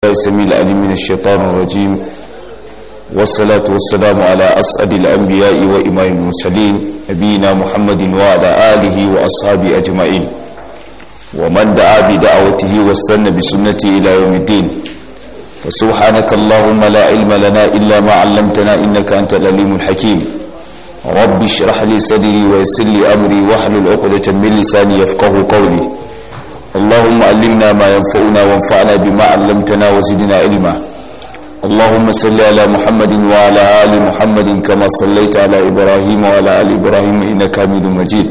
الله السميع العليم من الشيطان الرجيم والصلاة والسلام على أسعد الأنبياء وإمام المرسلين نبينا محمد وعلى آله وأصحابه أجمعين ومن دعا بدعوته واستنى بسنته إلى يوم الدين فسبحانك اللهم لا علم لنا إلا ما علمتنا إنك أنت العليم الحكيم رب اشرح لي صدري ويسر لي أمري واحلل عقدة من لساني يفقه قولي اللهم علمنا ما ينفعنا وانفعنا بما علمتنا وزدنا علما اللهم صل على محمد وعلى آل محمد كما صليت على إبراهيم وعلى آل إبراهيم إنك حميد مجيد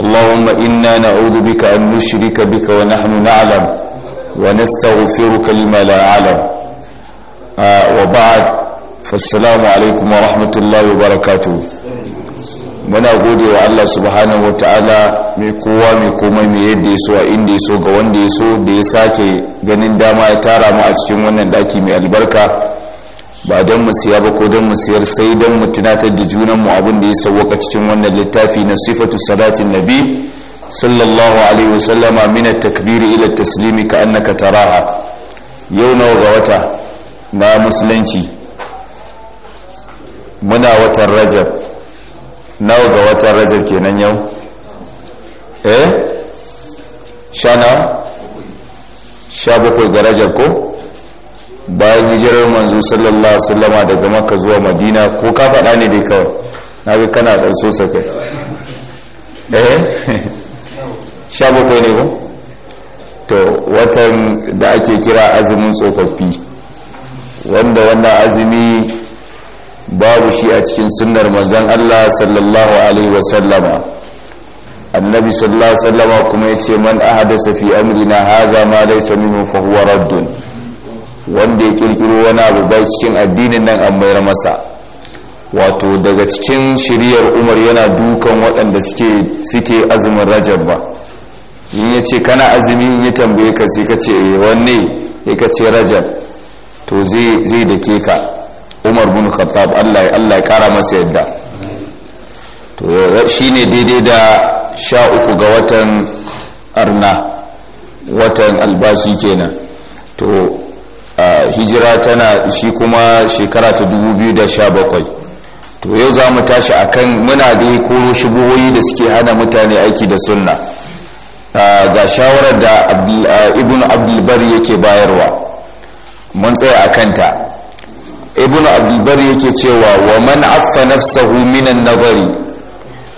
اللهم إنا نعوذ بك أن نشرك بك ونحن نعلم ونستغفرك لما لا أعلم آه، وبعد فالسلام عليكم ورحمة الله وبركاته muna gode wa Allah subhanahu wa ta'ala mai kowa mai komai mai yadda ya so a inda ya so ga wanda ya so da ya sake ganin dama ya tara mu a cikin wannan daki mai albarka ba don mu siya ba ko don mu siyar sai don mu tunatar da junan mu abin da ya sauwaka cikin wannan littafi na sifatu salatin nabi sallallahu alaihi wa sallama min at ila at-taslimi ka annaka taraha yau nawa ga wata na musulunci muna watan rajab nawa ga watan rajab kenan yau eh sha na sha bakwai ga rajab ko bayan hijirar manzo sallallahu alaihi daga maka zuwa madina ko ka faɗa ne dai kawai na ga kana da so sa kai eh sha bakwai ne ko to watan da ake kira azumin tsofaffi wanda wannan azumi babu shi a cikin sunnar manzon Allah sallallahu alaihi wasallama annabi sallallahu alaihi wasallama kuma ya ce man ahadasa fi amrina haza ma laysa minhu fa huwa raddun wanda ya kirkiro wani abu ba cikin addinin nan an bayar masa wato daga cikin shiriyar umar yana dukan waɗanda suke azumin rajab ba in ya ce kana azumi ya tambaye ka sai ka ce eh, wanne ya ka ce rajab to zai da ke ka umar bin khattab allah ya kara masa yadda to shi ne daidai da sha uku ga watan arna watan albashi kenan to hijira tana shi kuma shekara ta 2017 to yau za mu tashi akan muna da koro shubuhoyi da suke hana mutane aiki da sunna ga shawarar da ibn abdulbar yake bayarwa mun tsaya a kanta ibn abdulbar yake cewa wa man affa nafsahu minan nazari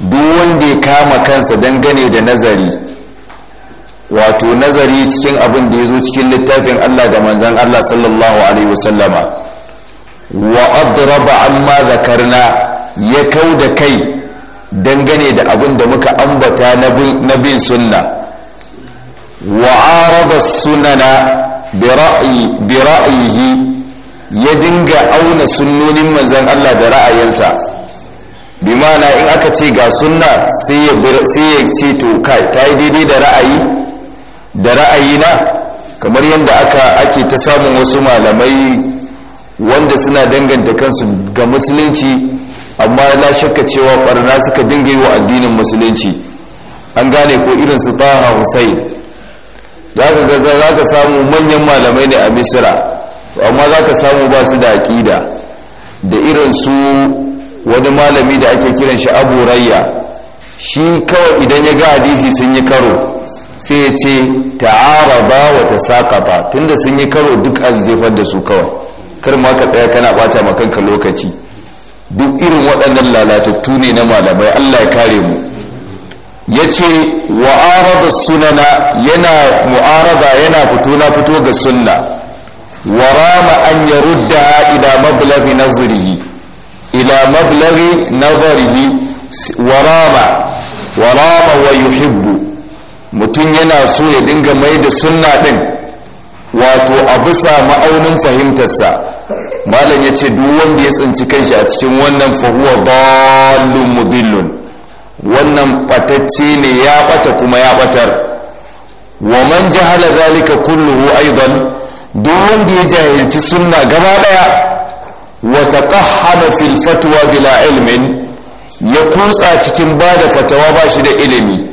duk wanda ya kama kansa dangane da nazari wato nazari cikin abin da ya zo cikin littafin allah da manzan allah sallallahu alaihi wasallama wa adraba amma zakarna ya kau da kai dangane da abin da muka ambata na bin sunna wa arada sunana bi ra'ayihi ya dinga auna sunnonin manzan Allah da ra'ayinsa bi mana in aka ce ga sunna sai ya ce to kai ta yi daidai da ra'ayi da ra'ayina kamar yadda aka ake ta samun wasu malamai wanda suna danganta kansu ga musulunci amma la shakka cewa barna suka dinga yi wa addinin musulunci an gane ko irin su taha hussein za ka samu manyan malamai ne a misira amma za ka samu ba su da aƙida da irin su wani malami da ake kiran shi abu rayya shi kawai idan ya ga hadisi sun yi karo sai ya ce ba wa ta saƙafa tunda sun yi karo duk an zefar da su kawai kar ma ka ɗaya kana ɓata ma kanka lokaci duk irin waɗannan lalatattu ne na malamai allah ya kare mu ya ce wa'arada sunana yana mu'arada yana fito na fito ga sunna ورام أن يردها إلى مبلغ نظره إلى مبلغ نظره ورام ورام ويحب mutum yana so ya dinga mai da sunna din wato a bisa ma'aunin fahimtarsa malam ya ce duk wanda ya tsinci kanshi a cikin wannan fahuwa dalun mudillun wannan batacce ne ya bata kuma ya batar wa man jahala zalika kulluhu aidan duk wanda ya jahilci sunna gaba daya wata taqahhana fil fatwa bila ilmin ya kutsa cikin ba da fatawa ba shi da ilimi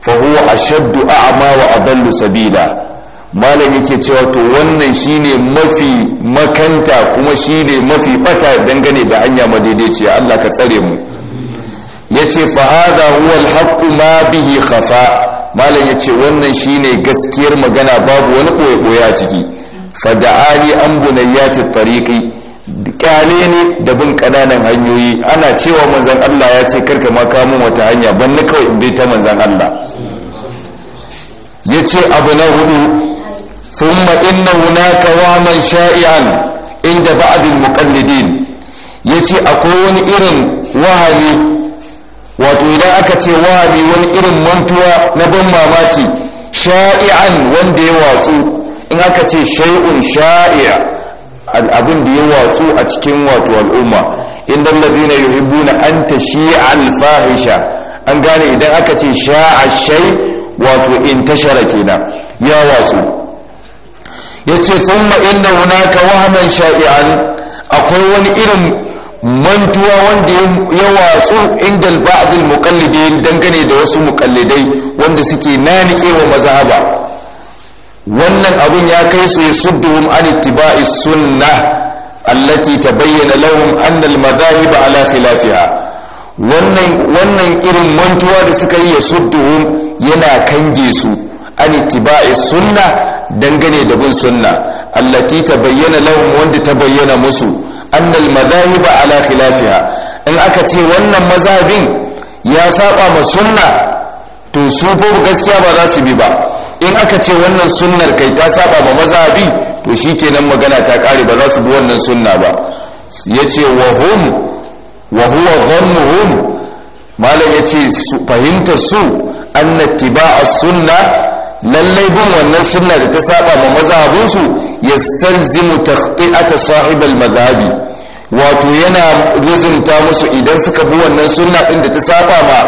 fa huwa ashaddu a'ma wa adallu sabila malam yake cewa to wannan shine mafi makanta kuma shine mafi bata dangane da hanya madaidaiciya Allah ka tsare mu yace fa hadha huwa al ma bihi khafa malam yace wannan shine gaskiyar magana babu wani koyo boye a ciki fada'ali an bunayyati tariqi kyale ne da bin ƙananan hanyoyi ana cewa manzan Allah ya ce karka ma kamun wata hanya ban ni kawai in bi ta manzan Allah ya ce abu na hudu thumma inna hunaka waman sha'i'an inda ba'd al ya yace akwai wani irin wahami wato idan aka ce wahami wani irin mantuwa na ban mamaki sha'i'an wanda ya watsu in aka ce shay'un sha'i'a abin da ya watsu a cikin wato al'umma inda ladina yuhibbuna an tashi'a al-fahisha an gane idan aka ce sha'a shay wato in tashara kenan ya watsu yace thumma inna hunaka wahman sha'i'an akwai wani irin mantuwa wanda ya watsu inda al-ba'd al-muqallidin dangane da wasu muqallidai wanda suke nanike wa mazhaba wannan abin ya kai su yasudduhum an ittiba'i sunna allati tabayyana lahum anna al-madahib ala khilafiha wannan wannan irin mantuwa da suka yi ya yasudduhum yana kange su an ittiba'i sunna dangane da bin sunna allati tabayyana lahum wanda bayyana musu anna al-madahib ala khilafiha in aka ce wannan mazhabin ya saba ma sunna to su fa gaskiya ba za su bi ba in aka ce wannan sunnar kai ta saba ba mazhabi to shi shikenan magana ta kare ba za su bi wannan sunna ba yace wa hum wa huwa dhannuhum malam yace fahimtar su anna tiba'a sunna lallai bin wannan sunna da ta saba ma mazhabinsu yastalzimu takhti'ata sahibal madhabi wato yana rizinta musu idan suka bi wannan sunna din da ta saba ma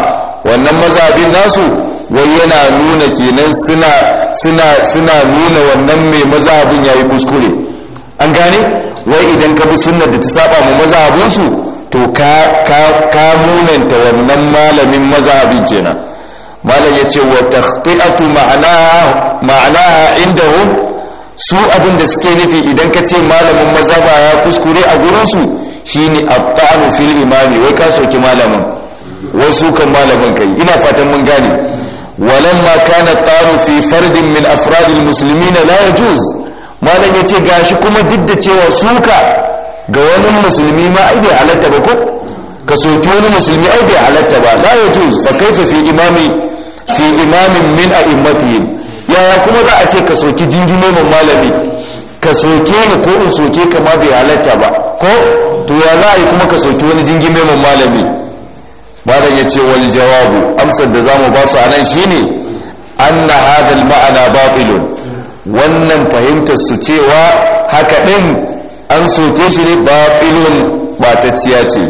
wannan mazhabin nasu wai yana nuna kenan suna suna suna nuna wannan mai maza abin yayi kuskure an gane wai idan ka bi sunnar da ta saba mu abin su to ka ka ka munanta wannan malamin maza abin kenan malam yace wa takhti'atu ma'ana ma'ana indahu su abin da suke nufi idan ka ce malamin mazhaba ya kuskure a gurinsu shine abta'u fil imami wai ka soki malamin wasu kan malamin kai ina fatan mun gane walamma kana taru fi fardin min afradil muslimina la yajuz malam yace gashi kuma duk da cewa suka ga wani musulmi ma ai bai halatta ba ko ka soki wani musulmi ai bai halatta ba la yajuz fa kaifa fi imami fi imamin min a'immatihim yaya kuma za a ce ka soki jingine mun malami ka soke ni ko in soke ka ma bai halatta ba ko to ya za a yi kuma ka soki wani jingine mun malami malam ya ce wani jawabu amsar da zamu ba su anan shine anna hadal ma'ana batilun wannan fahimtar su cewa haka din an soke shi ne batilun batacciya ce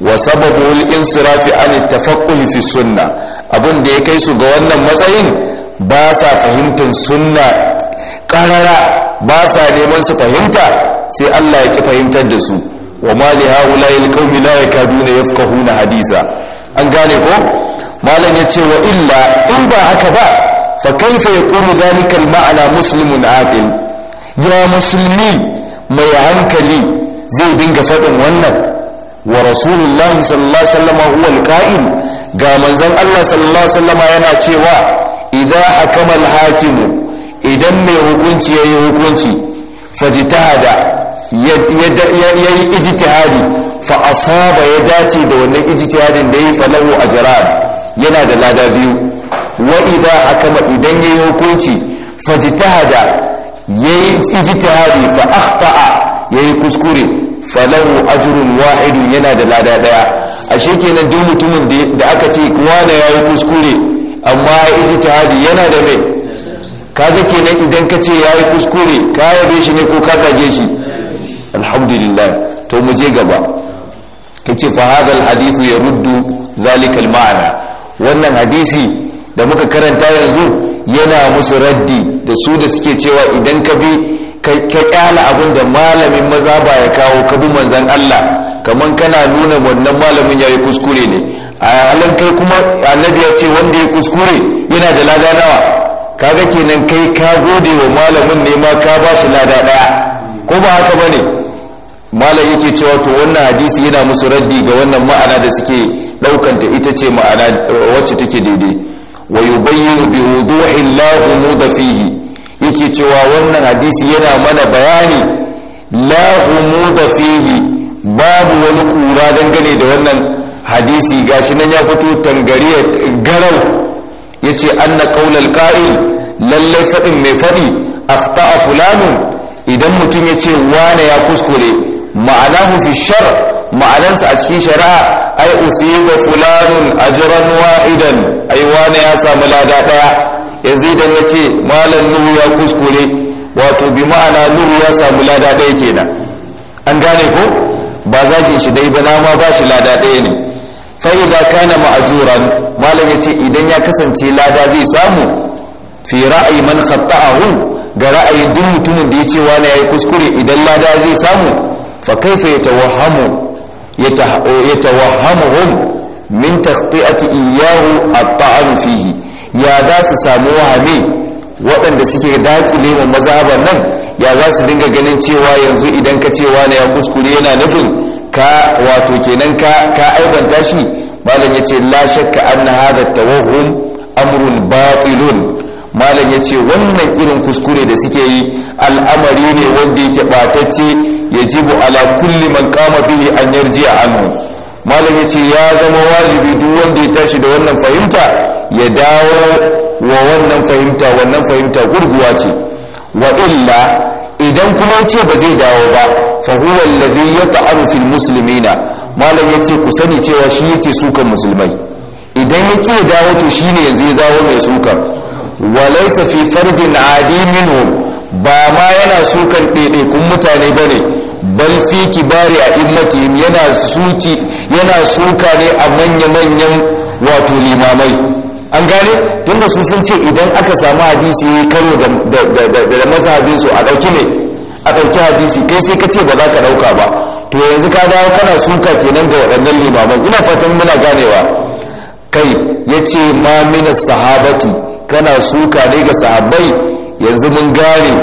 wa sababul insirafi an tafaqquh fi sunna abin da ya kai su ga wannan matsayin ba sa fahimtar sunna karara ba sa neman su fahimta sai Allah ya ki fahimtar da su wa ma li haula al qawmi la yakaduna yafqahuna hadisa an gane ko malam ya ce wa illa in ba haka ba fa kaifa yaqulu dhalika al-ma'na muslimun aqil ya musulmi mai hankali zai dinga faɗin wannan wa rasulullahi sallallahu alaihi wasallam huwa al-qa'il ga manzon Allah sallallahu alaihi wasallam yana cewa idza hakama al-hakim idan mai hukunci yayi hukunci fajtahada yayi ijtihadi fa asaba ya dace da wannan ijtihadin da yayi falahu ajran yana da lada biyu wa idza hakama idan yayi hukunci fajtahada yayi ijtihadi fa akhta'a yayi kuskure falahu ajrun wahid yana da lada daya ashe kenan duk mutumin da aka ce kwana yayi kuskure amma ijtihadi yana da mai kaga kenan idan kace yayi kuskure ka yabe shi ne ko ka kage shi alhamdulillah to mu je gaba ce fa hadal hadithu yaruddu zalikal ma'ana wannan hadisi da muka karanta yanzu yana musu raddi da su da suke cewa idan ka bi ka kyala abin da malamin maza ba ya kawo ka bi manzan Allah kaman kana nuna wannan malamin yayi kuskure ne a halin kai kuma annabi ya ce wanda ya kuskure yana da lada nawa kaga kenan kai ka gode wa malamin ne ma ka ba shi lada daya ko ba haka bane malam yake cewa to wannan hadisi yana musu raddi ga wannan ma'ana da suke daukanta ita ce ma'ana eh, wacce take daidai wa yubayyinu bi wuduhi lahu da fihi yake cewa wannan hadisi yana mana bayani lahu da fihi babu wani kura dangane da wannan hadisi gashi nan ya fito tangariya garau yace anna qaulal qa'il lalla fadin mai fadi akhta'a fulanu idan mutum yace ce wane ya kuskure ma'anahu fi shar ma'anansa a cikin shari'a ai usiba fulanun ajran wahidan ai wani ya samu lada daya yanzu idan ya ce malam nuhu ya kuskure wato bi ma'ana nuhu ya samu lada daya kenan an gane ko ba zagin shi dai ba na ma ba shi lada daya ne fa'ida kana ma'ajuran malam ya ce idan ya kasance lada zai samu fi ra'ayi man khatta'ahu ga ra'ayi duk mutumin da ya ce wani ya yi kuskure idan lada zai samu fa kaifa yatawahhamu yatawahhamuhum min takhti'ati iyyahu at-ta'an fihi ya za su samu wahame waɗanda suke dakile mu mazhaban nan ya za su dinga ganin cewa yanzu idan ka cewa ne ya kuskure yana nufin ka wato kenan ka ka aibanta shi malam yace la shakka anna hadha tawahhum amrun batilun malam ya ce wannan irin kuskure da suke yi al'amari ne wanda yake batacce ya jibu ala kulli man kama bihi an a anhu malam ya ce ya zama wajibi duk wanda ya tashi da wannan fahimta ya dawo wa wannan fahimta wannan fahimta gurguwa ce wa illa idan kuma ce ba zai dawo ba fa huwa alladhi yata'aru fil muslimina malam ya ce ku sani cewa shi yake sukan musulmai idan yake dawo to shine yanzu ya dawo mai sukan walaisa fi fardin adi ba ma yana sukan ɗaiɗaikun mutane ba ne bal fi kibari a immatihim yana suki yana suka ne a manya-manyan wato limamai an gane da su sun ce idan aka samu hadisi ya karo da mazhabin su a ɗauki ne a ɗauki hadisi kai sai ka ce ba za ka ɗauka ba to yanzu ka dawo kana suka kenan da waɗannan limamai ina fatan muna ganewa kai ya ce ma mina sahabati kana suka ne ga sahabbai yanzu mun gane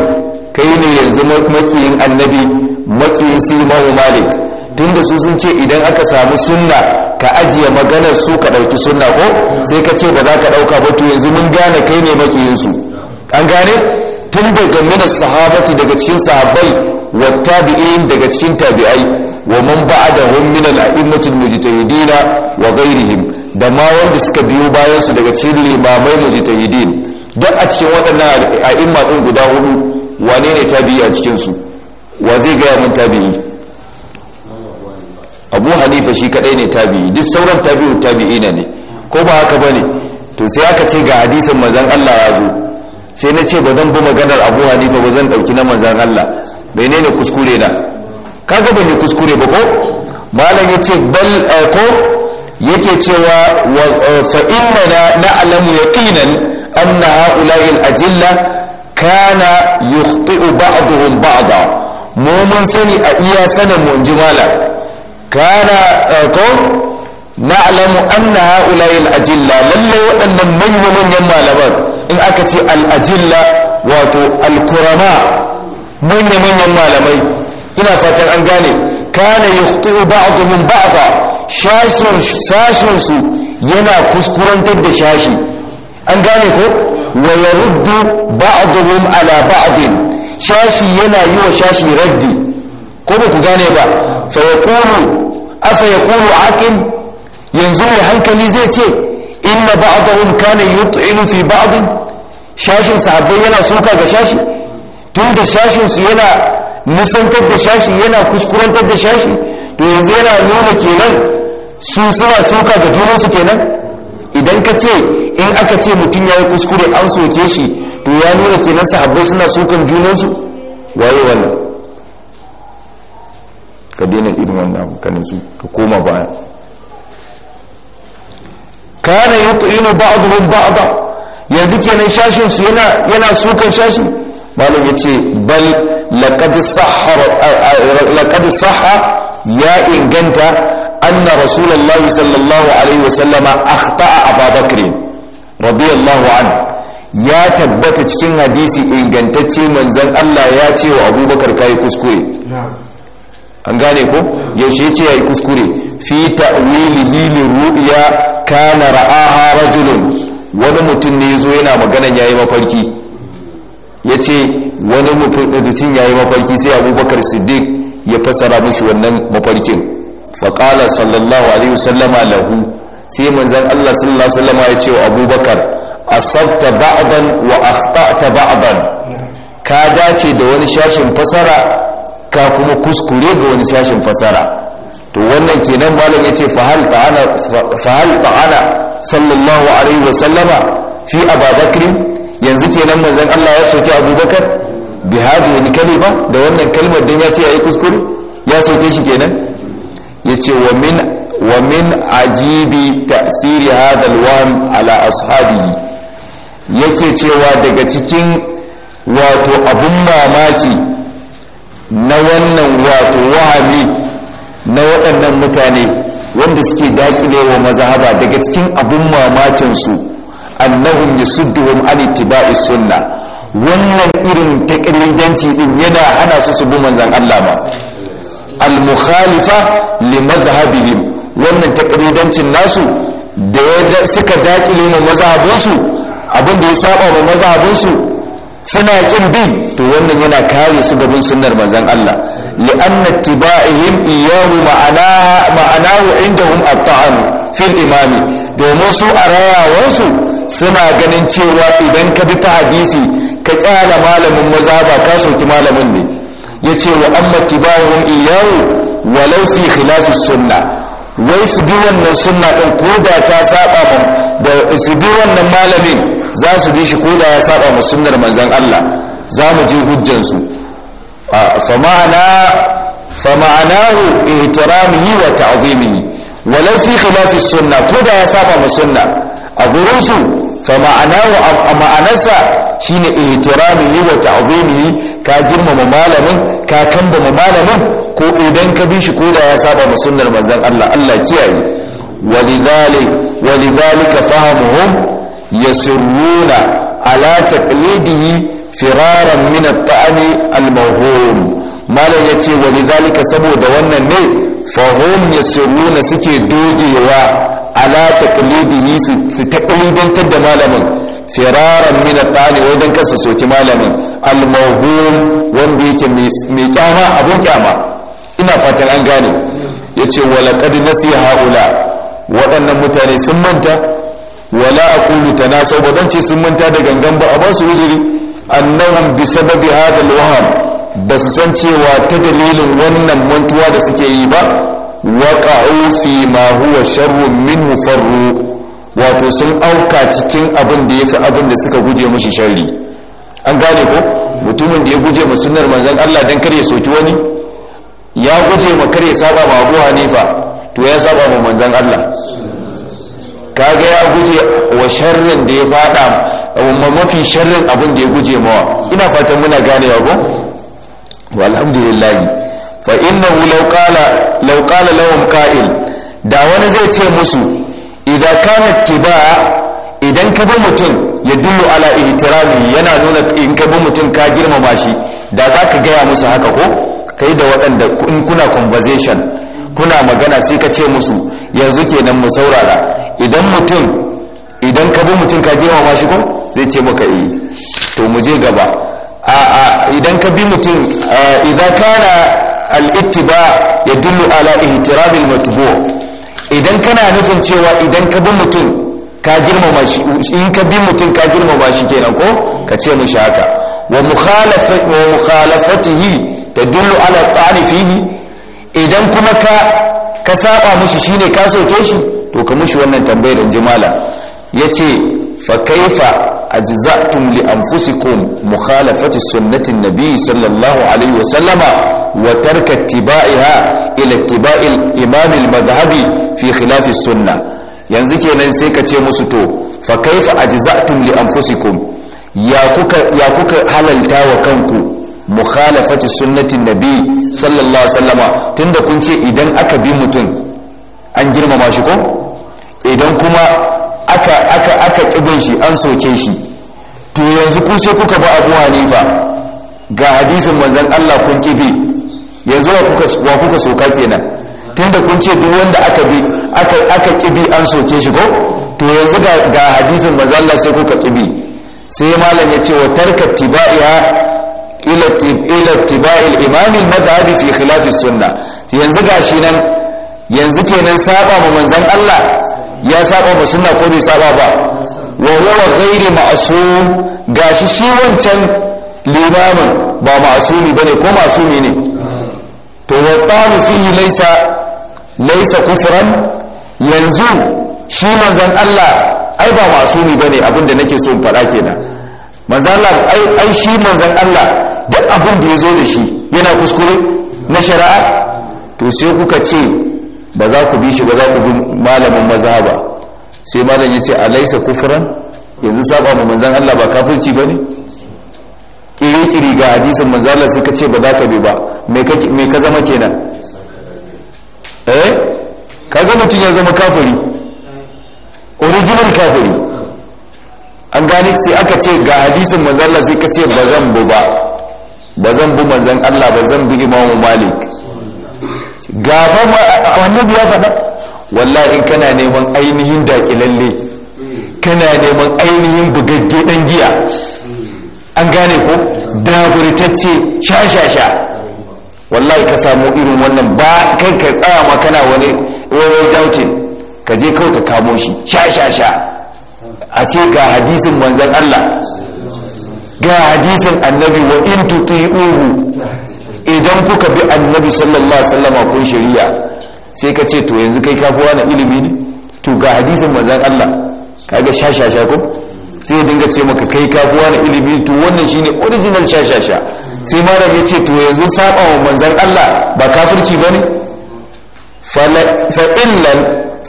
kai ne yanzu makiyin annabi makiyin su malik tunda su sun ce idan aka samu sunna ka ajiye maganar su ka ɗauki sunna ko sai ka ce ba za ka ɗauka ba to yanzu mun gane kai ne makiyin su an gane tun daga mina sahabati daga cikin sahabbai wa tabi'in daga cikin tabi'ai wa man ba'adahum min al-a'immatil mujtahidina wa ghayrihim da ma wanda suka biyo bayansu daga cikin limamai mujtahidin duk a cikin waɗannan a'imma din guda hudu wane ne tabi'i a cikin su wa zai gaya mun tabi'i abu hanifa shi kadai ne tabi'i duk sauran tabi'u na ne ko ba haka bane to sai aka ce ga hadisin manzon Allah ya zo sai na ce ba zan bi maganar abu hanifa ba zan dauki na manzon Allah menene kuskure na kaga ban kuskure ba ko malam yace ce bal eh, ko yake cewa uh, fa innana na'lamu yaqinan anna ha'ula'i al-ajilla kana yukhti'u ba'dhum ba'da mu mun sani a iya sanin mun jimala kana uh, ko na'lamu anna ha'ula'i al-ajilla lalle waɗannan manya manyan malaman in aka ce al wato al'kurama manya manyan malamai ina fatan an gane kana yukhti'u ba'dhum ba'da sashinsu yana kuskurantar da shashi an gane ko wa ya ruddu ba'aduhum ala ba'adin shashi yana yi wa shashi raddi ko ba ku gane ba fa ya kulu afa ya yanzu mai hankali zai ce inna ba'aduhum kana yut'inu fi ba'adin shashin sahabbai yana suka ga shashi tun da shashinsu yana nusantar da shashi yana kuskurantar da shashi to yanzu yana nuna kenan su suna suka ga junansu kenan idan ka ce in aka ce mutum ya yi kuskure an soke shi to ya nuna kenan sahabbai suna sukan junansu waye wannan ka daina irin wannan abu kanin su ka koma baya kana yut'inu ba'dhum ba yanzu kenan shashin su yana yana sukan shashi malam ce bal laqad sahha ya inganta anna rasulullahi sallallahu alaihi wasallama akhta'a ababakar radiyallahu anhu ya tabbata cikin hadisi ingantacce manzan Allah ya ce wa abubakar kayi kuskure an gane ko yaushe ce ya yi kuskure fi ta'wilihi li ru'ya kana ra'aha rajulun wani mutum ne yazo yana magana yayi mafarki yace wani mutum ya yayi mafarki sai abubakar siddiq ya fassara mishi wannan mafarkin faƙala sallallahu alaihi wasallama lahu sai manzan allah sallallahu alaihi wasallama ya ce wa abubakar asabta ba'dan wa akhta'ta ba'dan ka dace da wani shashin fasara ka kuma kuskure ga wani shashin fasara to wannan kenan malam yace fa hal ta'ala fa ta'ala sallallahu alaihi wasallama fi ababakri yanzu kenan manzan Allah ya soke abubakar bi hadhihi kalima da wannan kalmar dan yace yayi kuskure ya soke shi kenan yace wa min wa min ajibi ta'siri hadha alwam ala ashabihi yake cewa daga cikin wato abun mamaki na wannan wato wahami na waɗannan mutane wanda suke daƙile wa mazahaba daga cikin abun mamakin su annahum yasudduhum an ittiba'i sunna wannan irin takalidanci din yana hana su su bi manzan Allah ba al-mukhalifa li madhhabihim wannan takridancin nasu da ya suka dakile mu mazhabinsu abin da ya saba mu mazhabinsu suna kin bi to wannan yana kare su gaban sunnar manzon Allah li'anna ittiba'ihim iyyahu ma'ana ma'anahu indahum at-ta'am fil imami domin su a rayawansu suna ganin cewa idan ka bi ta hadisi ka kyala malamin maza ba ka soki malamin ne ya ce wa amma tibahun iyawu walau fi khilafi sunna wai su bi wannan sunna ɗin ko da ta saba mu da su bi wannan malamin za su bi shi ko da ya saba mu sunnar manzon Allah za mu ji hujjansu fa ma'ana fa ma'anahu ihtiramihi wa ta'zimihi walau fi khilafi sunna ko da ya saba mu sunna a gurin su fa ma'anahu a ma'anarsa shine ihtiramihi wa ta'zimihi ka girmama malamin ka kambama malamin ko idan ka bi shi koda ya saba ma sunnar manzon Allah Allah kiyaye walidhalik walidhalika fahamuhum yasirruna ala taqlidihi firaran min at-ta'ani al-mawhum malam yace walidhalika saboda wannan ne fahim ya suke dogewa ala taqlidihi su taqlidantar da malamin firaran min al-tani wajen kansu soki malamin al-mawhum wanda yake mai kyama abun kyama ina fatan an gane yace wala qad nasi haula waɗannan mutane sun manta wala aqulu tanasaw ba dan ce sun manta da gangan ba a ba su wuzuri annahum bi sababi hadha al ba su san cewa ta dalilin wannan mantuwa da suke yi ba waƙa'u fi ma huwa sharrun min farru wato sun auka cikin abin da ya fi abin da suka guje mashi sharri an gane ko mutumin da ya guje ma sunnar manzon Allah dan kar ya soki wani ya guje ma kar ya saba ma Abu Hanifa to ya saba ma manzon Allah kaga ya guje wa sharrin da ya fada mafi sharrin abin da ya guje mawa ina fatan muna ganewa ko walhamdulillahi fa innahu law qala law qala lahum qa'il da wani zai ce musu idza kana tiba idan ka bi mutum ya dullu ala ihtirami yana nuna in ka bi mutum ka girmama shi da za ka gaya musu haka ko kai da waɗanda in kuna conversation kuna magana sai ka ce musu yanzu kenan mu saurara idan ka bi mutum ka girmama shi ko zai ce maka eh to mu je gaba idan ka bi mutum idan kana al'ittiba ya dillu ala ihtirabil matbu idan kana nufin cewa idan ka bi mutum ka girmama shi in ka bi mutum ka girmama shi kenan ko ka ce mishi haka wa mukhalafatihi tadullu ala ta'ani idan kuma ka ka saba mishi shine ka sauke shi to ka mishi wannan tambayar da jimala yace fa kaifa ajza'tum li anfusikum mukhalafati sunnati an-nabi sallallahu alayhi wa sallama wa tark ittiba'iha ila ittiba'i al-imam fi khilaf as-sunnah yanzu kenan sai ka ce musu to fa kaifa ajza'tum li anfusikum ya kuka ya kuka halalta wa kanku mukhalafati sunnati an-nabi sallallahu alayhi wa sallama tunda kun ce idan aka bi mutun an girmama shi ko idan kuma aka aka aka shi an soke shi to yanzu kun sai kuka ba abu hanifa ga hadisin manzan Allah kun kibi yanzu wa kuka soka kenan tunda kun ce duk wanda aka bi aka kibi an soke shi ko to yanzu ga hadisin manzan Allah sai kuka kibi sai malam ya ce wa tarka tiba'iya ila tiba'il tibai mazhabi fi khilaf as-sunnah yanzu shi nan yanzu kenan saba ma manzan Allah ya saba ma sunna ko bai saba ba wa huwa ghairu ma'sum gashi shi wancan limamin ba ma'sumi bane ko ma'sumi ne to wa ta'u fihi laysa laysa kufran yanzu shi manzon Allah ai ba ma'sumi bane abinda nake so in faɗa kenan manzon Allah ai ai shi manzon Allah duk abin da yazo da shi yana kuskure na shari'a to sai kuka ce ba za ku bi shi ba za ku bi malamin maza ba. sai malam ya ce alaisa kufuran yanzu saba ma manzan Allah ba kafirci ba ne kiri-kiri ga hadisin manzala suka ce ba za ka bi ba me ka zama kenan eh ga mutum ya zama kafiri original kafiri an gane sai aka ce ga hadisin manzala sai ka ce ba zan bu ba ba zan bu manzan Allah ba zan bi imamu malik gaba annabi ya faɗa wallahi kana neman ainihin dakilalle kana neman ainihin bugagge dan giya an gane ko daburitacce sha-sha-sha wallahi ka samu irin wannan ba kai ka tsaya ma kana wani wani dautin ka je kawai ka kamo shi sha-sha-sha a ce ga hadisin manzan Allah ga hadisin annabi wa in tuti'uhu idan kuka bi annabi sallallahu alaihi wasallam kun shari'a sai ka ce to yanzu kai ka kowa ilimi ne to ga hadisin manzan Allah kaga shashasha ko sai ya dinga ce maka kai ka kowa ilimi to wannan shine original shashasha sai mara ya ce to yanzu saba wa manzan Allah ba kafirci ba ne illan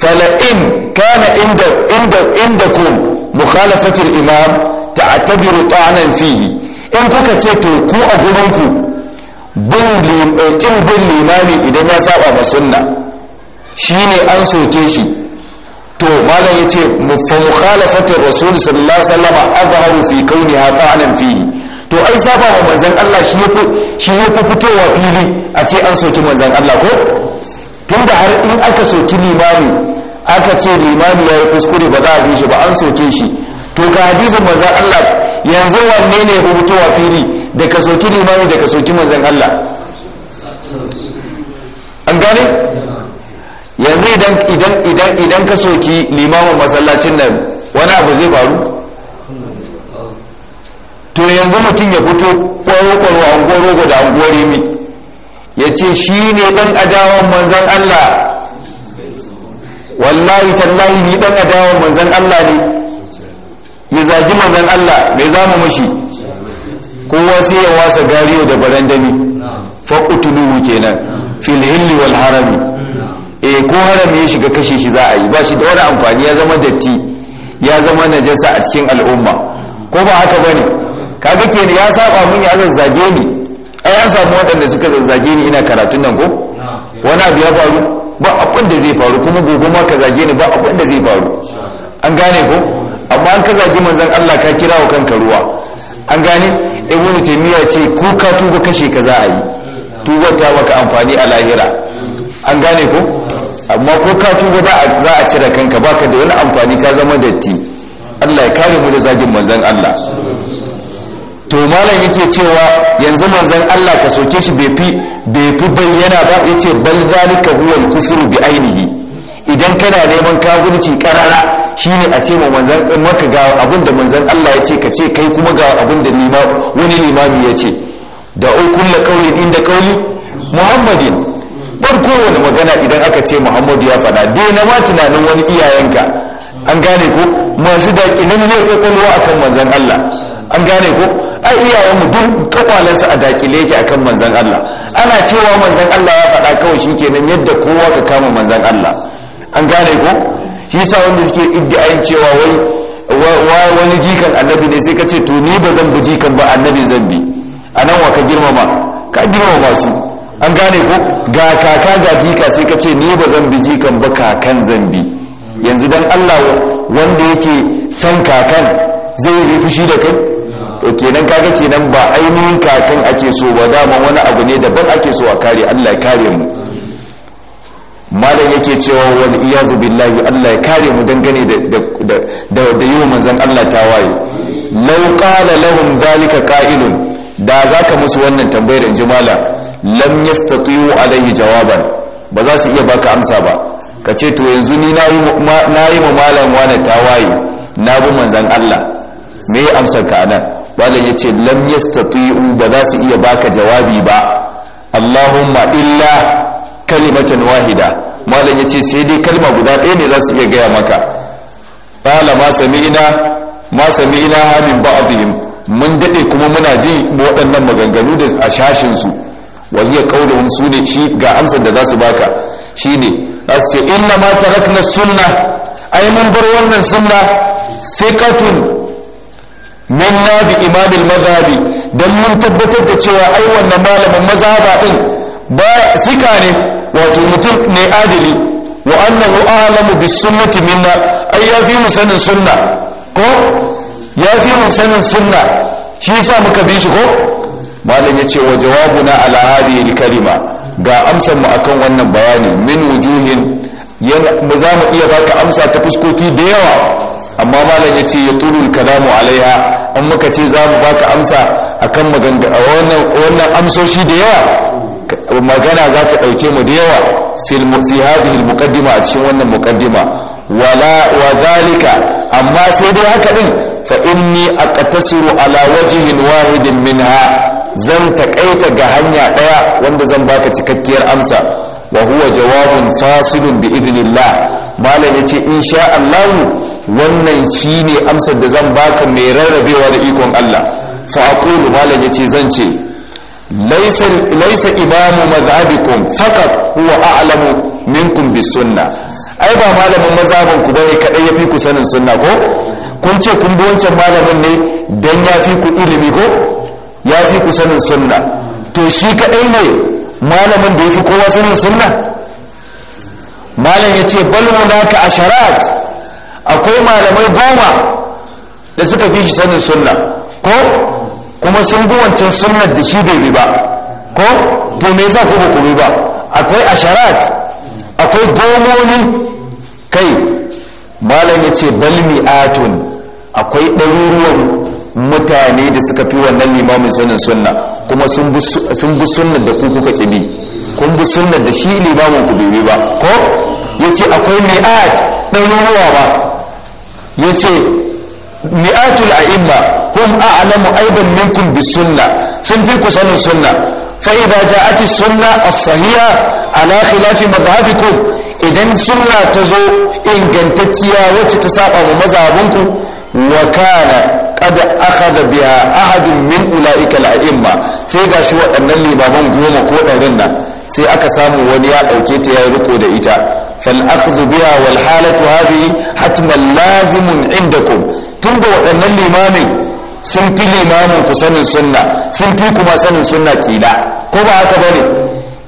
fala in kana inda inda indakum mukhalafatul imam ta'tabiru ta'nan fihi in kuka ce to ku a gurin ku bin limani eh, limami idan ya saba masunna sunna shi ne an soke shi to malam ya ce fa mukhalafatin rasul sallallahu alaihi wasallam azharu fi kauniha ta'anan fi to ai saba wa manzon Allah shi yafi shi yafi fitowa fili a ce an soki manzon Allah ko tunda har in aka soki limami aka ce limami ya yi kuskure ba za a bi shi ba an soke shi to ga hadisin manzon Allah yanzu wanne ne ya fitowa fili da ka soki limami da ka soki manzon Allah an gane yanzu idan idan idan ka soki limamin masallacin nan wani abu zai faru to yanzu mutum ya fito kwaro-kwaro anguwar rogo da anguwar mi ya ce shi ne dan adawan manzan Allah wallahi tallahi ni dan adawan manzan Allah ne ya zagi manzan Allah mai mu mashi kowa sai ya wasa gariyo da barandami faƙutuluhu kenan fil hilli wal harami eh ko haram ya shiga kashe shi za a yi ba shi da wani amfani ya zama datti ya zama najasa a cikin al'umma ko ba haka ba bane kaga kenan ya saba mun ya zazzage ni ai an samu waɗanda suka zazzage ni ina karatun nan ko wani abu ya faru ba abin da zai faru kuma gobe ma ka zage ni ba abin da zai faru an gane ko amma an ka zage manzon Allah ka kira wa kanka ruwa an gane ibnu taymiya ce ko ka tuba kashe ka za a yi tuba ta maka amfani a lahira an gane ko amma ko ka tuba za a cire kanka baka da wani amfani ka zama datti Allah ya kare mu da zagin manzon Allah to malam yake cewa yanzu manzon Allah ka soke shi bai fi bai fi bayyana ba yace bal zalika huwa al-kufru bi ainihi idan kana neman kafirci karara shine a ce manzan maka ga abinda da Allah yace ce ka ce kai kuma ga abin da wani limami yace ce da ukun la inda kauli muhammadin bar kowane magana idan aka ce muhammadu ya fada na ma tunanin wani iyayenka an gane ko masu daƙilalliyar kwakwalwa akan manzan allah an gane ko iyayen mu duk kwakwalensu a dakile yake akan manzan allah ana cewa manzan allah ya faɗa kawai shi kenan yadda kowa ka kama manzan allah an gane ko shi sa wanda suke iddiayin cewa wai wani jikan annabi ne sai ka ce to ni ba zan bi jikan ba annabi zan bi a nan wa ka girmama ka girmama su an gane ko ga kaka ga jika sai ka ce ni ba zan bi jikan ba kakan zan bi yanzu dan Allah wanda yake san kakan zai yi fushi da kai to kenan kaga kenan ba ainihin kakan ake so ba dama wani abu ne daban ake so a kare Allah ya kare mu malam yake cewa wal iyazu billahi Allah ya kare mu dangane da da da yiwu manzan Allah tawaye law qala lahum zalika qa'ilun da za ka musu wannan tambayar in ji mala lam yastati'u alaihi jawaban ba za su iya baka amsa ba ka ce to yanzu ni na yi mamalan wani tawaye na bi manzan Allah me yi amsar ka anan malam ya ce lam yastati'u ba za su iya baka jawabi ba Allahumma illa kalimatan wahida malam ya ce sai dai kalma guda ɗaya ne za su iya gaya maka qala ma ina ma sami'na mun daɗe kuma muna ji waɗannan maganganu da a shashinsu wa hiya qauluhum sune shi ga amsar da za su baka shine za su ce inna ma tarakna sunna ai mun bar wannan sunna siqatun minna bi imam al-madhhabi dan mun tabbatar da cewa ai wannan malamin mazhaba din ba sika ne wato mutum ne adili wa annahu a'lamu bis sunnati minna ai ya fi mu sanin sunna ko ya fi mun sanin sunna shi yasa muka bi shi ko malam yace wa jawabuna ala hadhihi al-kalima ga amsar mu akan wannan bayani min wujuhin mu za mu iya baka amsa ta fuskoki da yawa amma malam yace ce ya turu kalamu alaiha an muka ce za mu baka amsa akan maganga wannan amsoshi da yawa magana za ta ɗauke mu da yawa fil fi hadhihi muqaddima a cikin wannan muqaddima wala wa dhalika amma sai dai haka din fa a aqtasiru ala wajhin wahidin minha zan takaita ga hanya daya wanda zan baka cikakkiyar amsa wa huwa jawabun fasilun bi idnillah malam yace insha Allah wannan shine amsar da zan baka mai rarrabewa da ikon Allah fa aqulu ya ce zan ce laisa laysa imamu madhhabikum faqat huwa a'lamu minkum bi sunnah ai ba malamin mazhabanku bane kadai yafi ku sanin sunna ko kun ce kun bi wancan malamin ne dan ya fi ku ilimi ko ya fi ku sanin sunna to shi kaɗai ne malamin da ya fi kowa sanin sunna malam ya ce bal hunaka asharat akwai malamai goma da suka fi shi sanin sunna ko kuma sun bi wancan sunna da shi bai bi ba ko to me yasa ku ba ku bi ba akwai asharat akwai gomoni kai malam ya ce bal mi'atun akwai ɗaruruwan mutane da suka fi wannan limamin sunan sunna kuma sun bi sunna da ku kuka ƙibi kun bi sunna da shi limamin ku bibi ba ko ya ce akwai mi'at ɗaruruwa ba ya ce mi'atul a'imma hum a'lamu aidan minkum bi sunna sun fi ku sanin sunna فإذا جاءت السنة الصحيحة على خلاف مذهبكم إذن سنة تزو إن كنتتيا وتتساقى مذهبكم wakana kada akhadha biha ahadun min ulaika al'imma sai shi waɗannan limaman goma ko ɗarin nan sai aka samu wani ya ɗauke ta yayi riko da ita fal biya biha wal halatu hadhihi hatman lazimun indakum tunda waɗannan limamin sun fi limamin ku sanin sunna sun fi kuma sanin sunna tila ko ba haka bane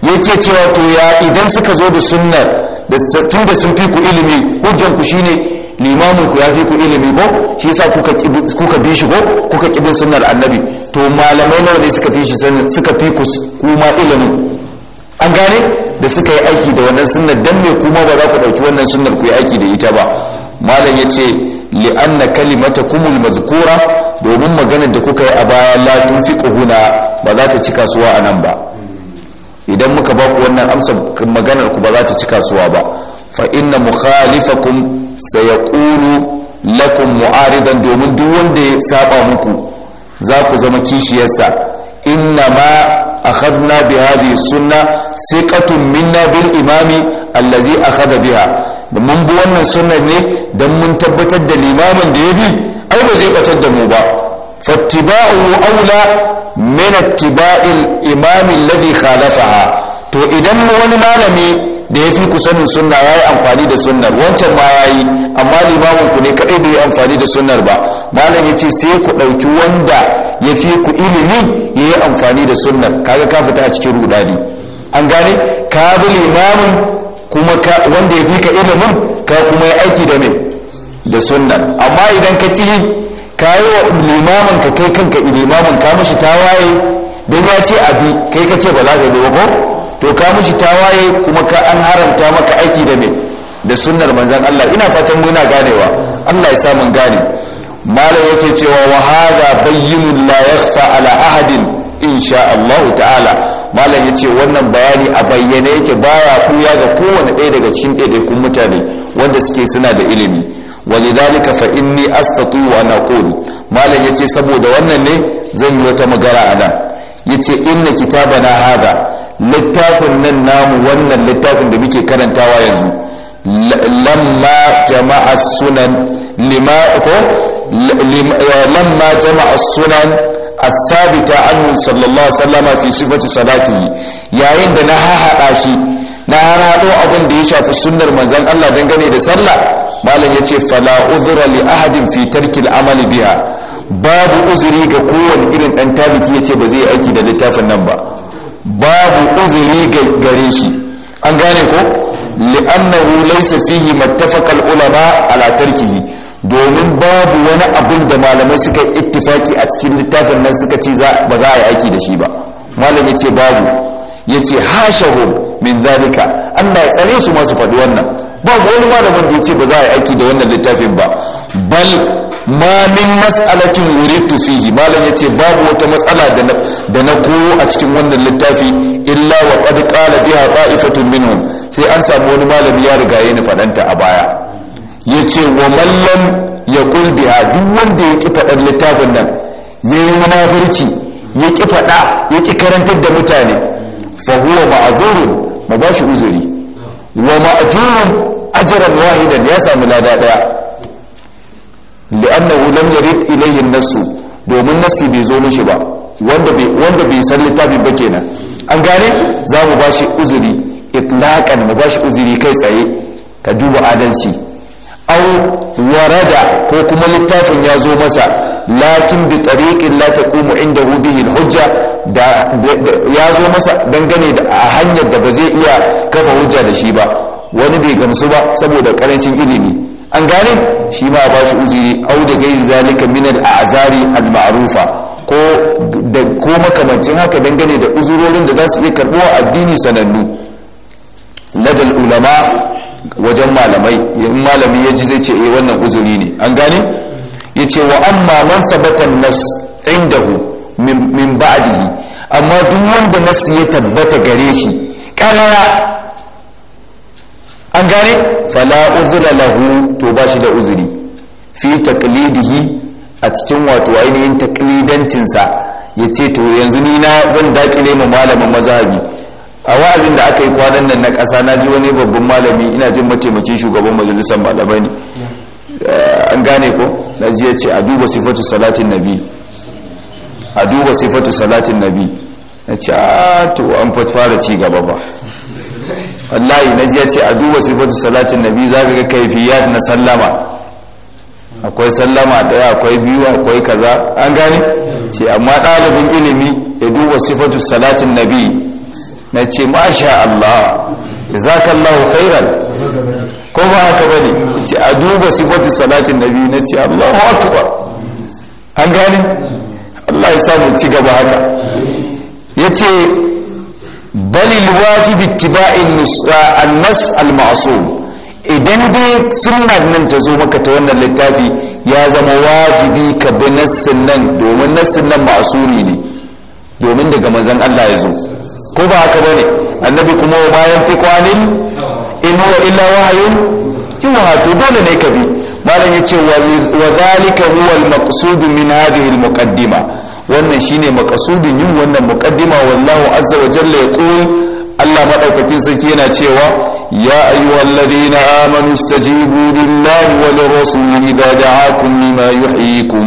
yake cewa to ya idan suka zo da sunnar da tunda sun fi ku ilimi hujjan ku shine limamin ku ya fi ku ilimi ko shi yasa kuka kuka bi shi ko kuka ki bin sunnar annabi to malamai nawa ne suka fi shi sani suka fi ku kuma ilimin an gane da suka yi aiki da wannan sunnar dan mai kuma ba za ku ɗauki wannan sunnar ku yi aiki da ita ba malam ya yace li anna kumul mazkura domin maganar da kuka yi a baya la kuhuna ba za ta ci kasuwa nan ba idan muka ba ku wannan amsa maganar ku ba za ta ci kasuwa ba fa inna mukhalifakum sayaqulu lakun mu'aridan domin duk wanda ya saba muku za ku zama kishiyarsa inna ma akhadna bi hadhihi sunna thiqatun minna bil imami allazi akhadha biha mun bi wannan sunnar ne dan mun tabbatar da limamin da ya bi ai ba zai batar da mu ba fattiba'u aula min ittiba'i al imam khalafaha to idan wani malami da ya fi ku sanin sunna ya yi amfani da sunnar wancan ma ya yi amma limamin ku ne kaɗai bai yi amfani da sunnar ba malam ya ce sai ku ɗauki wanda ya fi ku ilimi ya yi amfani da sunnar kaga ka fita a cikin rudani an gane ka bi limamin kuma wanda ya fi ka ilimin ka kuma ya aiki da me da sunnar amma idan ka ƙi ka yi wa limamin ka kai kanka limamin ka mishi ta waye don ya ce abi kai ka ce ba za ka yi ba ko to ka ta waye kuma ka an haramta maka aiki da me da sunnar manzan Allah ina fatan muna ganewa Allah ya samun gane malam yake cewa wa hadha bayyinun la yakhfa ala ahadin insha Allah ta'ala malam yace wannan bayani a bayyane yake baya kuya ga kowane ɗaya daga cikin ɗaiɗaikun mutane wanda suke suna da ilimi walidhalika fa inni astatu an aqul malam yace saboda wannan ne zan yi wata magana a nan yace inna kitabana hada littafin nan namu wannan littafin da muke karantawa yanzu lamma jama'a sunan lima ko eh, lamma jama'a sunan asabita annu sallallahu sallama fi sifati salatihi yayin da na hahaɗa shi na harhaɗo abin da ya shafi sunnar manzan Allah dangane da sallah malam ya ce fala uzra li ahadin fi tarkil amali biha babu uzuri ga kowane irin ɗan tabiki ya ce ba zai aiki da littafin nan ba babu uzuri gare shi an gane ko li'annahu laysa fihi mattafaqal ulama ala tarkihi domin babu wani abin da malamai suka yi ittifaki a cikin littafin nan suka ce ba za a yi aiki da shi ba malam yace babu yace hashahu min zalika Allah ya tsare su masu faɗi wannan ba wani malamin da ya ce ba za a yi aiki da wannan littafin ba bal ma min mas'alatin wuritu fihi malam yace babu wata matsala da na koyo a cikin wannan littafi illa wa qad qala biha qa'ifatun minhum sai an samu wani malami ya riga ni faɗanta a baya yace wa mallam yaqul biha duk wanda ya ki faɗan littafin nan yayi munafirci ya ƙi fada ya ƙi karantar da mutane fa huwa ma'zurun ma bashi uzuri wa ma'jurun ajran wahidan ya sami lada daya li'annahu lam yarid ilayhi nasu domin nasi bai zo mishi ba wanda bai wanda bai san littafi ba kenan an gane za mu bashi uzuri itlaqan mu bashi uzuri kai tsaye ka duba adalci aw warada ko kuma littafin ya zo masa lakin bi tariqin la taqumu indahu bihi hujja da ya zo masa dangane da a hanyar da ba zai iya kafa hujja da shi ba wani bai gamsu ba saboda karancin ilimi an gane shi ma ba shi uzuri au da gai zalika min azari al-ma'rufa ko da ko makamancin haka dangane da uzurorin da za su iya karbuwa addini sanannu ladal ulama wajen malamai in malami ya ji zai ce eh wannan uzuri ne an gane yace wa amma man sabata nas indahu min ba'dihi amma duk wanda nas ya tabbata gare shi karara an gane fala uzura lahu to ba shi da uzuri fi taklidihi a cikin wato ainihin taklidancinsa ya ce to yanzu ni na zan daki ne mu malamin mazhabi a wa'azin da aka yi kwanan nan na ƙasa na ji wani babban malami ina jin mataimakin shugaban majalisar malamai ne eh, an gane ko na ji yace ce a duba sifatu salatin nabi a duba sifatu salatin nabi na ce a ah, to an fara ci gaba ba wallahi na ji ya ce a duba sifatu salatin nabi za ka ga kaifiyat na sallama akwai sallama daya akwai biyu akwai kaza an gane ce amma dalibin ilimi ya duba sifatu salatin nabi na ce masha Allah za ka Allah khairan ko ba haka bane ce a duba sifatu salatin nabi na ce Allahu akbar an gane Allah ya mu ci gaba haka yace bal alwajib ittiba'in an-nas al-ma'sum idan dai sunnar nan ta zo maka ta wannan littafi ya zama wajibi ka bi nassin nan domin nassin nan ma'asumi ne domin daga manzon Allah ya zo ko ba haka bane annabi kuma wa bayan tiqwanin in huwa illa wahyun yuha to dole ne ka bi malam yace wa dhalika huwa al-maqsud min hadhihi al wannan shine makasudin yin wannan muqaddima wallahu azza wa jalla yaqul Allah madaukakin sarki yana cewa ya ayyuhalladhina amanu stajibu lillahi wa lirrasuli idza da'akum lima yuhyikum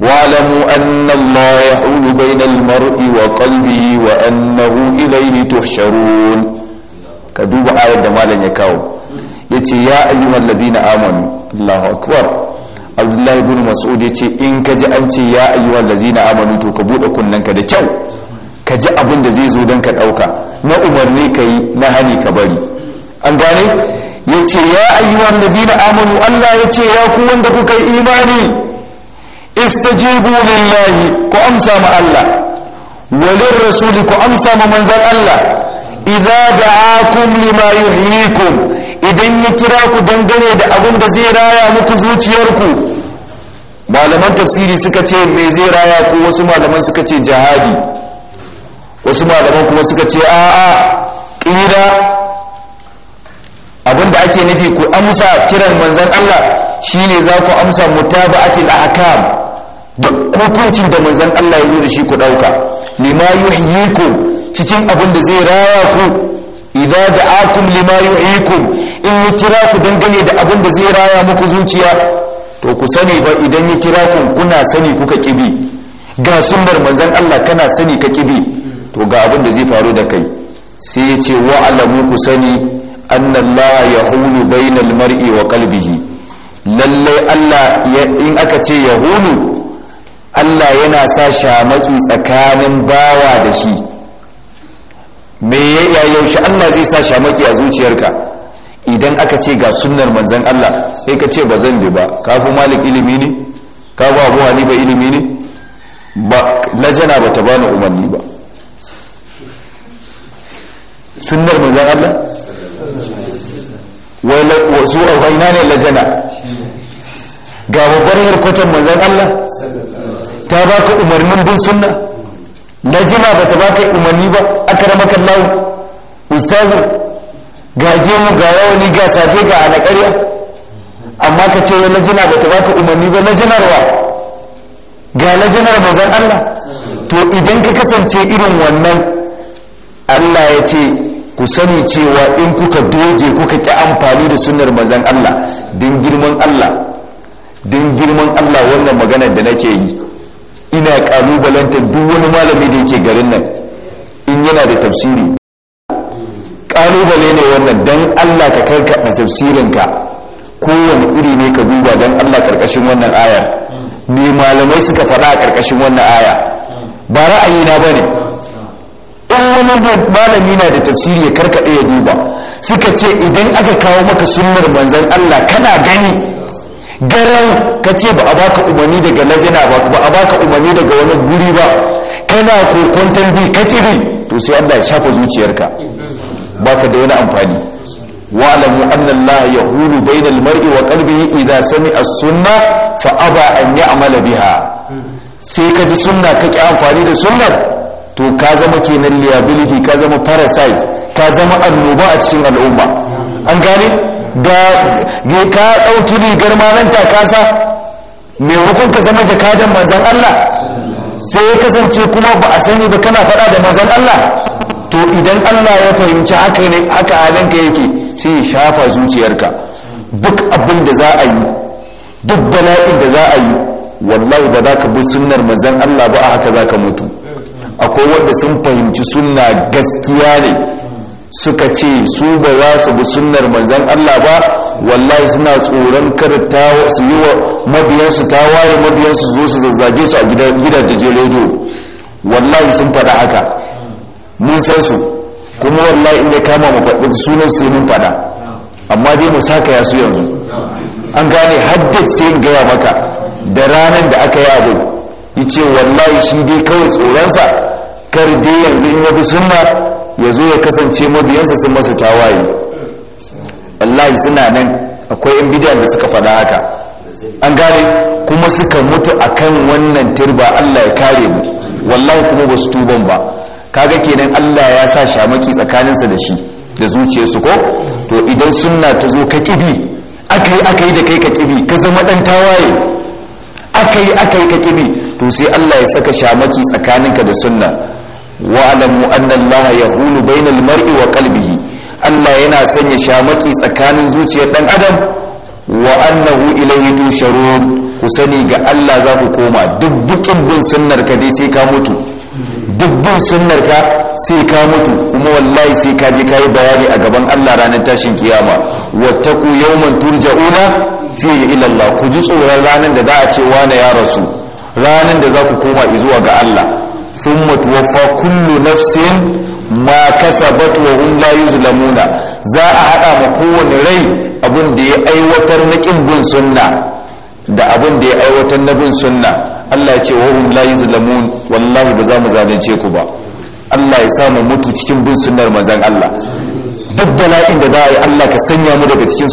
wa'lamu anna Allah yahulu bainal mar'i wa qalbihi wa annahu ilayhi tuhsharun ka duba ayar da malam ya kawo yace ya ayyuhalladhina amanu Allahu akbar abdullahi ibn mas'ud yace in ka ji an ce ya ayyuhal ladzina amanu to ka bude kunnanka da kyau ka ji abin da zai zo don ka dauka na umarni kai na hani ka bari an gane yace ya ayyuhal ladzina amanu Allah yace ya ku wanda kuka yi imani istajibu lillahi ku amsa ma Allah walin rasuli ku amsa ma manzan Allah iza da akun lima yuhyikum idan ya kira ku dangane da abin da zai raya muku zuciyarku malaman tafsiri suka ce mai zai raya ku wasu malaman suka ce jihadi wasu malaman kuma suka ce a'a abin da ake nufi ku amsa kiran manzan Allah shine za ku amsa mutaba'atil ahkam duk hukuncin da manzan Allah ya zo da shi ku dauka lima yuhyikum cikin abin da zai raya ku idza da'akum lima yuhyikum in ya kira ku dangane da abin da zai raya muku zuciya to ku sani ba idan ya kira ku kuna sani kuka kibi ga sunnar manzon Allah kana sani ka kibi to ga abin da zai faru da kai sai ya ce wa alamu ku sani anna Allah yahulu bainal mar'i wa qalbihi lalle Allah in aka ce yahulu Allah yana sa shamaki tsakanin bawa da shi me ya yaushe Allah zai sa shamaki a zuciyarka idan aka ce ga sunnar manzan Allah sai ka ce ba zan bi ba ka fi malik ilimi ne ka fi abu hanifa ilimi ne ba lajana ba ta bani umarni ba sunnar manzan Allah wasu su na ne lajana ga babbar harkotan manzan Allah ta ka umarnin bin sunna lajina ba ta ka umarni ba akarmaka Allah ustazin ga mu ga yawani ga saje ga karya amma ka ce na jina ba ta baka umarni ba na ga na jinar mazan Allah to idan ka kasance irin wannan Allah ya ce ku sani cewa in kuka doge kuka ki amfani da sunar mazan Allah din girman Allah din girman Allah wannan maganar da nake yi ina kalubalantar duk wani malami da yake garin nan in yana da tafsiri ƙalubale ne wannan don allah ka karkata tafsirinka kowane iri ne ka duba don allah karkashin wannan aya, ne malamai suka faɗa a karkashin wannan aya ba ra'ayi na ba ne in wani malami na da tafsiri ya karkaɗe ya duba suka ce idan aka kawo maka sunnar manzan allah kana gani garau ka ce ba a baka umarni daga lazina ba ba a baka umarni daga wani guri ba kana kokonton bi katiri to sai an da shafa zuciyarka ba ka da wani amfani wa'lamu ya hulu bai da lamari wa yi sani sani a sunna fa aba an ya'mala biha sai ka ji sunna ka ki amfani da sunnar to ka zama kenan liability ka zama parasite ka zama annoba a cikin al'umma an gane da ya ka ɗauki rigar malanta kasa hukun ka zama jakadan manzan Allah sai ya kasance kuma ba a sani ba kana faɗa da mazan Allah to idan Allah ya fahimci haka ne aka halinka yake sai ya shafa zuciyarka duk abin da za a yi duk bala'in da za a yi wallahi ba za ka bi sunnar manzan Allah ba a haka za ka mutu akwai wanda sun fahimci sunna gaskiya ne suka ce su ba za su bi sunnar manzan Allah ba wallahi suna tsoron kar su yi wa mabiyansu tawaye mabiyansu zo su zazzage su a gidan da je rediyo wallahi sun faɗa haka mun san su kuma wallahi in ya kama mu faɗi sunan sai mun faɗa amma dai mu saka ya su yanzu an gane haddad sai in gaya maka da ranar da aka yi abu ce wallahi shi dai kawai tsoronsa kar dai yanzu in ya bi sunna ya zo ya kasance mabiyansa sun masa tawaye wallahi suna nan akwai yan bidiyan da suka faɗa haka an gane kuma suka mutu akan wannan turba allah ya kare mu wallahi kuma ba su tuban ba kaga kenan allah ya sa shamaki tsakaninsa da shi da zuciya su ko to idan sunna ta zo ka kibi aka yi aka yi da kai ka kibi ka zama dan tawaye aka yi aka yi ka kibi to sai allah ya saka shamaki tsakaninka da sunna wa'alamu anna ya hulu bainal mar'i wa qalbihi Allah yana sanya shamaki tsakanin zuciyar ɗan adam wa annahu ilayhi tusharun ku sani ga Allah za ku koma duk bin sunnar ka dai sai ka mutu duk bin sunnar ka sai ka mutu kuma wallahi sai ka je kai bayani a gaban Allah ranar tashin kiyama wattaku yawman turja'una fiye ila Allah ku ji tsoron ranar da za a ce wani ya rasu ranar da za ku koma zuwa ga Allah thumma tuwaffa kullu nafsin ma kasabat wa hum la yuzlamuna za a hada ma kowane rai abin da ya aiwatar na kin bin sunna da abin da ya aiwatar na bin sunna Allah ya ce wa hum la yuzlamun wallahi ba za mu zalunce ku ba Allah ya sa mu mutu cikin bin sunnar manzon Allah duk bala'in da za a yi Allah ka sanya mu daga cikin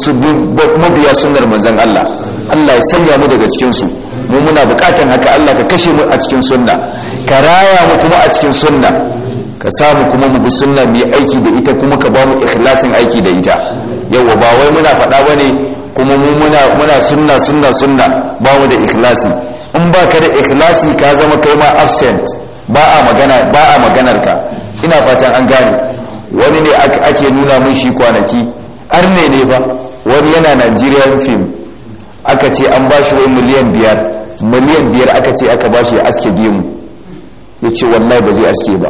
mabiya sunnar manzon Allah Allah ya sanya mu daga cikin su mu muna bukatan haka Allah ka kashe mu a cikin sunna ka raya mu kuma a cikin sunna ka samu kuma mu bi sunna mu yi aiki da ita kuma ka ba mu ikhlasin aiki da ita yawa ba wai muna faɗa bane kuma mu muna muna sunna sunna sunna ba mu da ikhlasi in ba ka da ikhlasi ka zama kai ma absent ba a magana ba a maganar ka ina fatan an gane wani ne ake nuna mun shi kwanaki arne ne ba wani yana Nigerian film aka ce an ba shi wai miliyan biyar miliyan biyar aka ce aka bashi ya aske gemu ya ce wallahi ba zai aske ba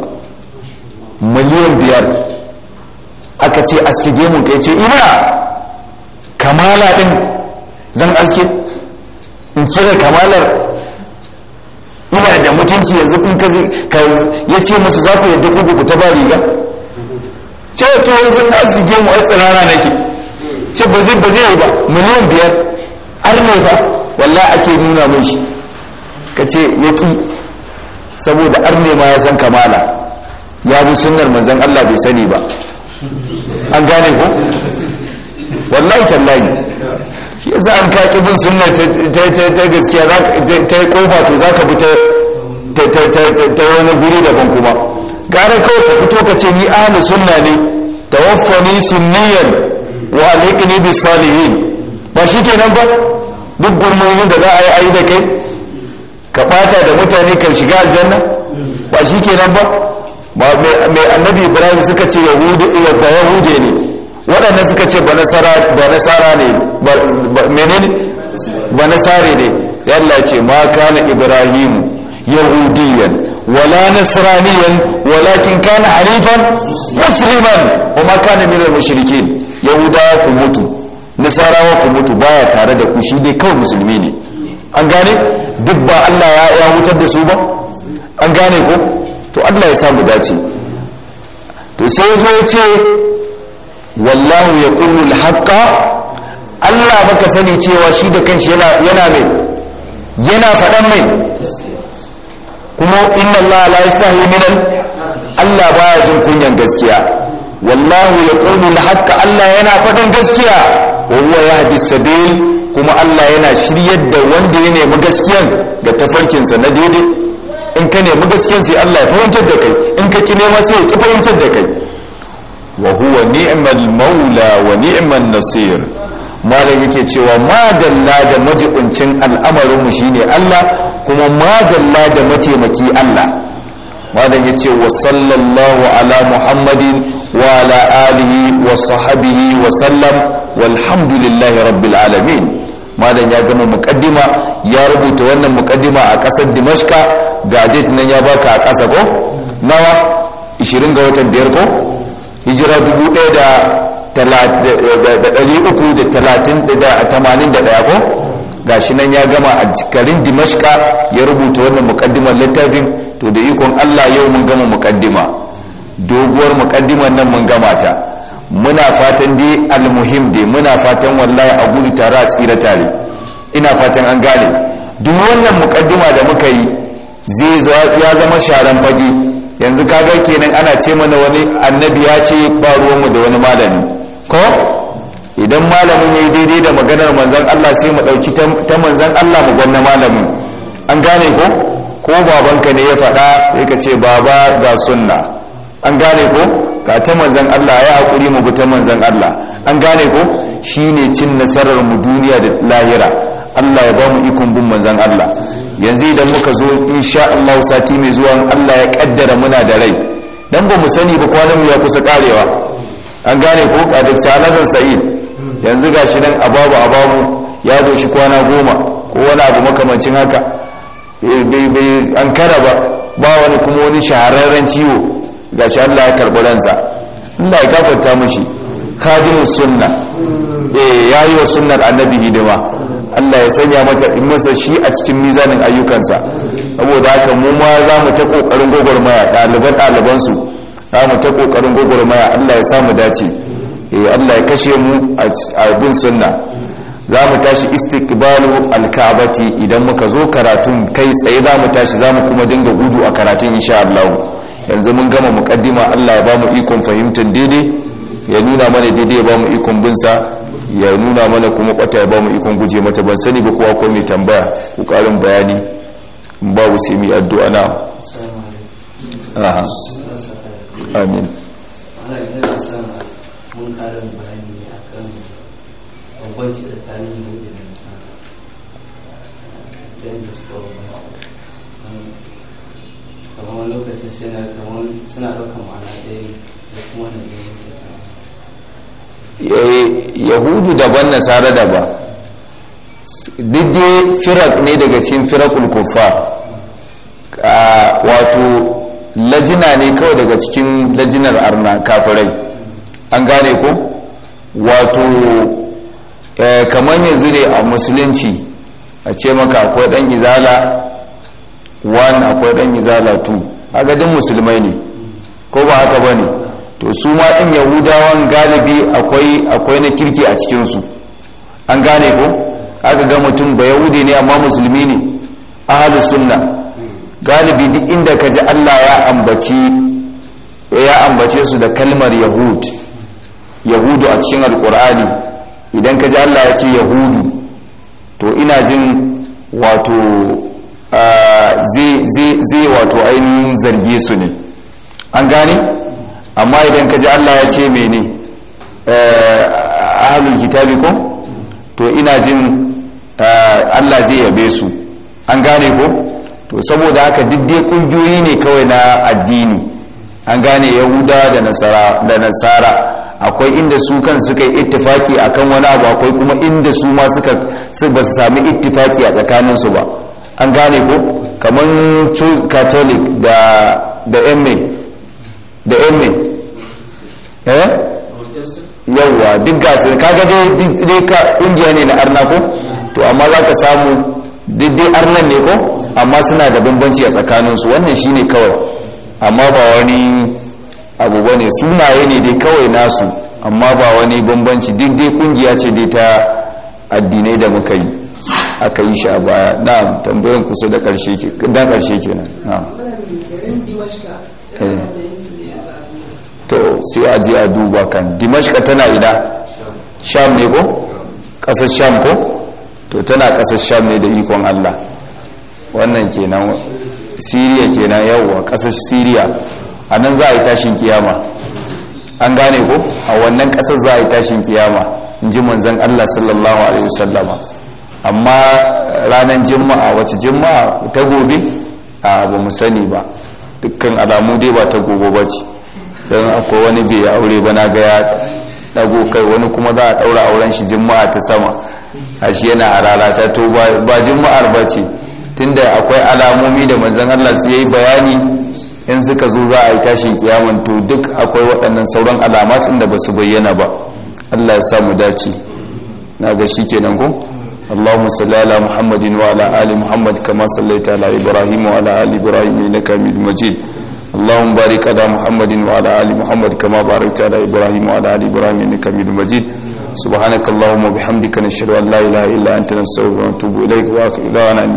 miliyan biyar aka ce aske gemun ka ya ce ina kamala din zan aske in cire kamalar ina da mutunci yanzu in ka ya ce musu za ku yadda ku ku ta ba riga ce to yanzu na aske gemu a tsirara nake ce ba zai ba zai yi ba miliyan biyar arne ba wallahi ake nuna mai shi ka ce ya ƙi saboda arne ma ya san kamala ya bi sunnar manzan Allah bai sani ba an gane ko wallahi tallahi shi yasa an ka bin sunnar ta gaskiya ta yi kofa to za ka bi ta wani guri daban kuma gane kawai ka fito ka ce ni ahli sunna ne tawaffani sunniyan wa alaikani bis salihin ba shi kenan ba duk gurmanin da za a yi ayi da kai ka bata da mutane ka shiga aljanna ba shi kenan ba mai annabi ibrahim suka ce yahudu ba yahude ne waɗannan suka ce ba nasara ne menene ba nasare ne yalla ce ma kana ibrahim yahudiyan ولا نصرانيا musliman كان حنيفا مسلما وما كان من المشركين ku mutu. nasarawa ku mutu baya tare da ku shi dai kawai musulmi ne an gane duk ba allah ya hutar da su ba an gane ko to allah ya samu dace to sai zo ce wallahu ya kullu haƙƙa allah baka sani cewa shi da kanshi yana mai yana faɗan mai kuma inna allah la yastahi min allah baya jin kunyan gaskiya wallahu ya kullu haƙƙa allah yana faɗan gaskiya wa huwa yahdi sabil kuma Allah yana shiryar da wanda ya nemi gaskiyan ga tafarkinsa na daidai in ka nemi gaskiyan sai Allah ya fahimtar da kai in ka ki nema sai ya ki da kai nasir malam yake cewa madalla da majibincin al'amarinmu shine Allah kuma madalla da mataimaki Allah malam ya ce wa sallallahu ala muhammadin wa ala wa wa walhamdulillahi rabbil alamin malam ya gama mukaddima ya rubuta wannan mukaddima a kasar dimashka ga date nan ya baka a kasa ko nawa 20 ga watan biyar ko hijira 1331 ko gashi nan ya gama a garin dimashka ya rubuta wannan mukaddimar littafin to da ikon allah yau mun gama mukaddima doguwar mukaddimar nan mun gama ta muna fatan dai almuhim dai muna fatan wallahi a gudu tare a tsira tare ina fatan an gane duk wannan mukaddima da muka yi zai ya zama sharan fage yanzu kaga kenan ana ce mana wani annabi ya ce ba ruwanmu da wani malami ko idan malamin ya yi daidai da maganar manzan allah sai mu ɗauki ta manzan allah mu gwanna malamin an gane ko ko babanka ne ya faɗa sai ka ce baba ga sunna an gane ko ga ta manzan Allah ya haƙuri mu bi ta manzan Allah an gane ko shine cin nasarar mu duniya da lahira Allah ya ba mu ikon bin manzan Allah yanzu idan muka zo insha Allah sati mai zuwa Allah ya kaddara muna da rai dan ba mu sani ba kwanan mu ya kusa karewa an gane ko kadakta salasan sa'id yanzu gashi nan ababu ababu ya doshi kwana goma ko wani abu makamancin haka eh, an kara ba ba wani kuma wani shahararren ciwo gashi Allah ya karɓi ransa Allah ya gafarta mushi kadimu sunna eh yayi wa sunnar annabi hidima Allah ya sanya mata masa shi a cikin mizanin ayyukansa saboda haka mu ma za mu ta kokarin gogormaya daliban daliban su za mu ta kokarin gogormaya Allah ya samu dace eh Allah ya kashe mu a bin sunna za mu tashi istikbalu alkabati idan muka zo karatun kai tsaye za mu tashi za mu kuma dinga gudu a karatun insha Allah yanzu mun gama mukaddima Allah ya mu ikon fahimtar daidai ya nuna mana daidai ya mu ikon binsa ya nuna mana kuma kwata ya mu ikon guje mata ban sani ba kowa ko mai tambaya ku karin bayani babu sai mu addu'a na amin Thank you. kamar lokacin da kuma eh, yahudu daban nasara daban didde firak ne daga cikin firakul kufar ah, wato lajina ne kawai daga cikin lajinar arna kafirai an gane ko wato eh, kamar yanzu ne a musulunci a ce maka akwai dan izala wani akwai ɗan izala 2 a gadin musulmai ne ko ba haka ba ne to su ma din yahudawan galibi akwai akwai na kirki a cikin su an gane ko aka ga mutum ba yahudi ne amma musulmi ne ahlus sunna galibi duk inda ka ji Allah ya ambaci ya ambace su da kalmar yahud yahudu a cikin alkur'ani idan ka ji Allah ya ce yahudu to ina jin wato zai wato ainihin zarge su ne an gane amma idan ka ji allah ya ce mene eh, ahalul kitabi ko to ina jin eh, allah zai yabe su an gane ko to saboda haka diddai kungiyoyi ne kawai na addini an gane yahuda da nasara akwai inda su kan suka yi ittifaki akan wani abu akwai kuma inda su ma suka ba su sami ittifaki a tsakaninsu ba an gane ko kamar catholic da da emme da emme eh yawa duk gasu ka dai dai ka kungiya ne na arna ko to amma za ka samu dai arnan ne ko amma suna da bambanci a tsakaninsu wannan shine kawai amma ba wani abu bane sunaye ne dai kawai nasu amma ba wani bambanci duk dai kungiya ce dai ta addinai da muka yi aka yi shi a baya na tambayin kusa da karshe kenan na eh. to sai a ji a duba kan dimashka tana ina sham ne ko kasar sham ko to tana kasar sham ne da ikon allah wannan kenan siriya kenan yawwa kasar siriya a nan za a yi tashin kiyama an gane ko a wannan kasar za a yi tashin kiyama in ji manzan allah sallallahu alaihi wasallama amma ranar juma'a wace juma'a ta gobe a ba mu sani ba dukkan alamu dai ba ta gobe ba ce don akwai wani bai aure ba na ga ya dago kai wani kuma za a daura auren shi juma'a ta sama a shi yana harara ta to ba juma'ar ba ce tunda akwai alamomi da manzan Allah su yi bayani in suka zo za a yi tashin kiyaman to duk akwai waɗannan sauran alamacin da ba su bayyana ba Allah ya sa mu dace na ga shi kenan ko اللهم صل على محمد وعلى آل محمد كما صليت على إبراهيم وعلى آل إبراهيم إنك حميد مجيد اللهم بارك على محمد وعلى آل محمد كما باركت على إبراهيم وعلى آل إبراهيم إنك حميد مجيد سبحانك اللهم وبحمدك نشهد أن لا إله إلا أنت نستغفرك ونتوب إليك وآخر